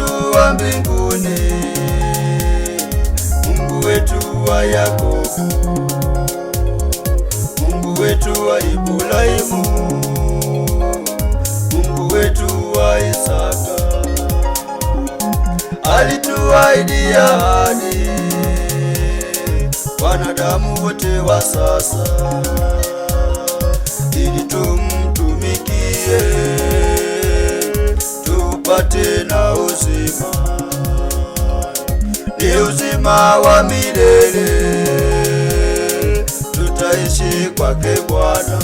wetu wa mbinguni, Mungu wetu wa Yakobo, Mungu wetu wa Ibrahimu, Mungu wetu wa Isaka, alituahidi ahadi wanadamu wote wa sasa na uzima, ni uzima wa milele, tutaishi kwake Bwana,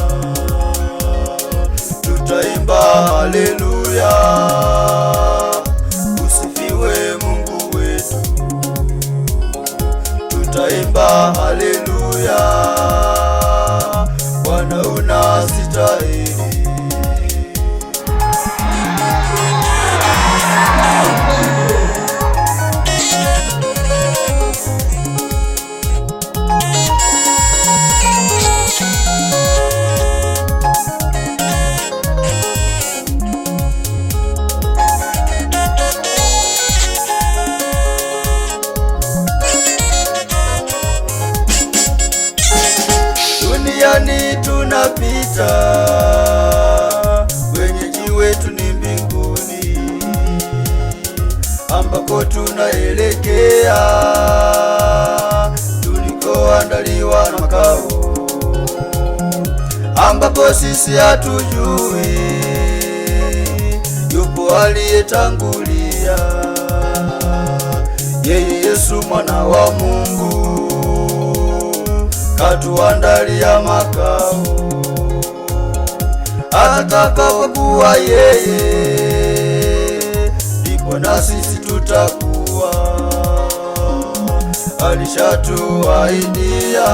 tutaimba haleluya, usifiwe Mungu wetu, tutaimba haleluya, Bwana unastahili ambako tunaelekea tulikoandaliwa na makao ambapo sisi hatujui yupo aliyetangulia yeye Yesu mwana wa Mungu katuandalia makao atakapokuwa yeye ndipo nasi tutakuwa, alishatuahidia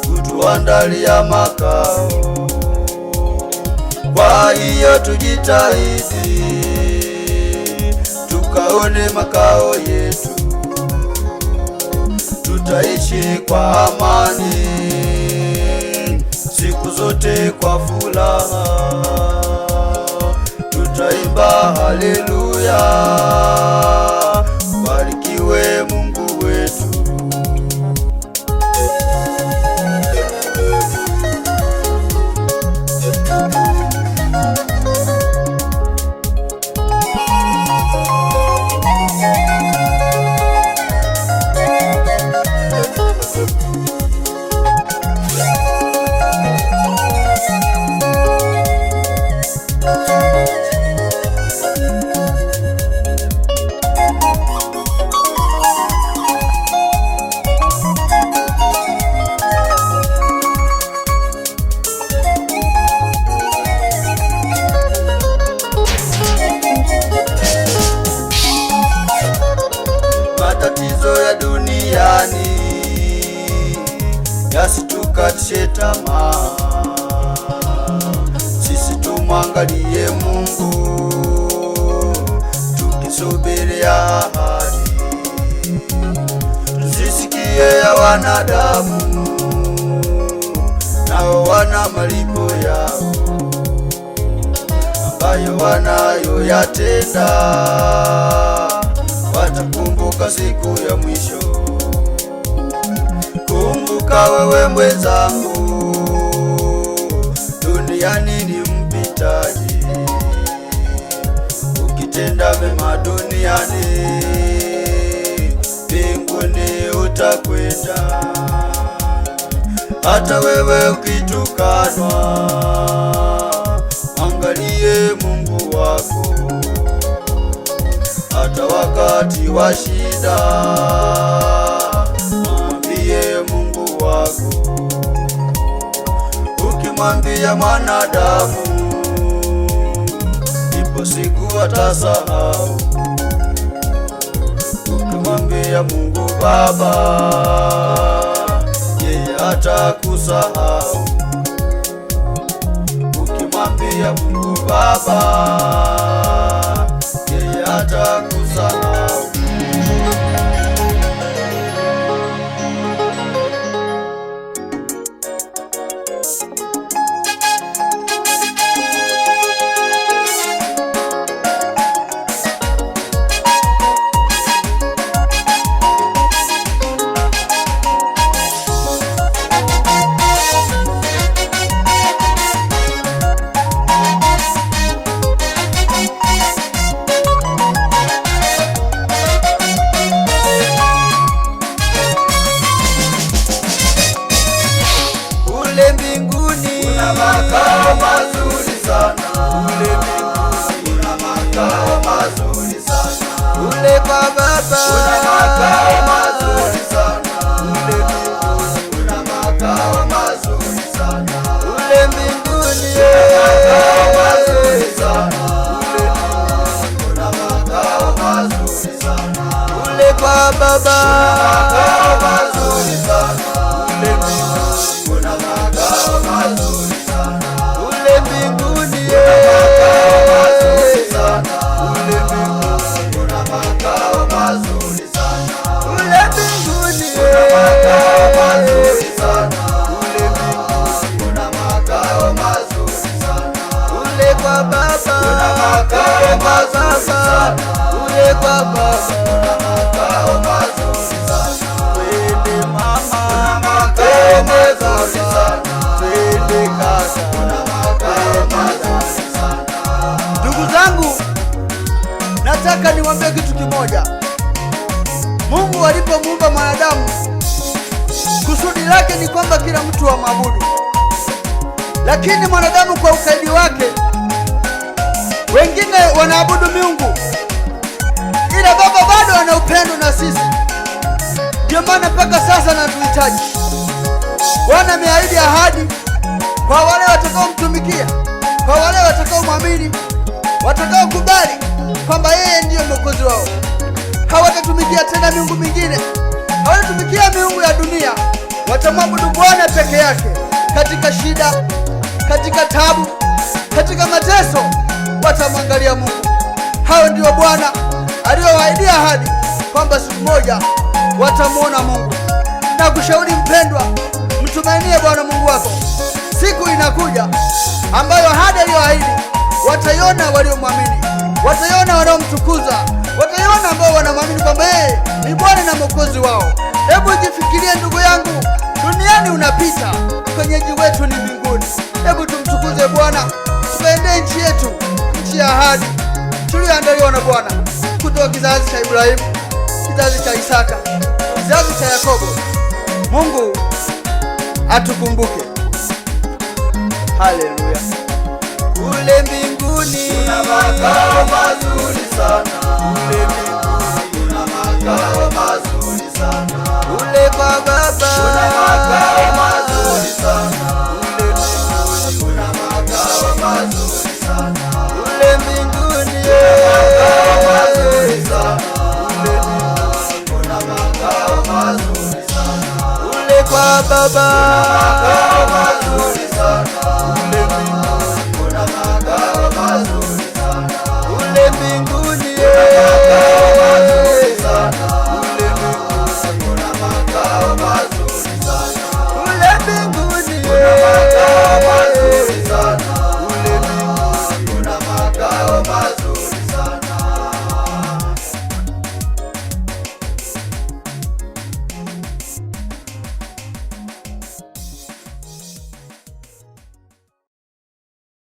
kutuandalia makao. Kwa hiyo tujitahidi tukaone makao yetu, tutaishi kwa amani siku zote kwa furaha, tutaimba haleluya. 주시옵소서 tusikate tamaa, sisi tumwangalie Mungu tukisubiria ahadi, tusisikie ya wanadamu, nao wana malipo yao ambayo wanayoyatenda, watakumbuka siku ya mwisho kumbuka wewe mwenzangu, duniani ni mpitaji, ukitenda mema duniani mbinguni utakwenda. Hata wewe ukitukanwa, angalie Mungu wako, hata wakati wa shida kumwambia mwanadamu, ipo siku atasahau. Ukimwambia Mungu Baba, yeye atakusahau. Ukimwambia Mungu Baba, yeye atakusahau. Ule kwa baba ule mbinguni ule kwa baba Ndugu zangu, nataka niwaambie kitu kimoja. Mungu alipomuumba mwanadamu, kusudi lake ni kwamba kila mtu amwabudu, lakini mwanadamu kwa ukaidi wake wengine wanaabudu miungu, ila Baba bado ana upendo na sisi. Ndio maana mpaka sasa anatuhitaji. Bwana ameahidi ahadi kwa wale watakaomtumikia, kwa wale watakaomwamini, watakaokubali kwamba yeye ndiyo mwokozi wao. Hawatatumikia tena miungu mingine, hawatatumikia miungu ya dunia. Watamwabudu Bwana peke yake, katika shida, katika tabu, katika mateso watamwangalia Mungu. Hao ndio Bwana aliyowaahidia ahadi kwamba siku moja watamwona Mungu. Na kushauri mpendwa, mtumainie Bwana Mungu wako. Siku inakuja ambayo ahadi aliyoahidi wataiona waliomwamini, wataiona wanaomtukuza, wataiona ambao wanamwamini kwamba yeye ni Bwana na Mwokozi wao. Hebu jifikirie ndugu yangu, duniani unapita, mwenyeji wetu ni mbinguni. Hebu tumtukuze Bwana, tukaendee nchi yetu kutuachia ahadi tuliandaliwa na Bwana kutoka kizazi cha Ibrahimu, kizazi cha Isaka, kizazi cha Yakobo. Mungu atukumbuke. Haleluya. Kule mbinguni kuna makao mazuri sana. Kule mbinguni kuna makao mazuri sana. Akbar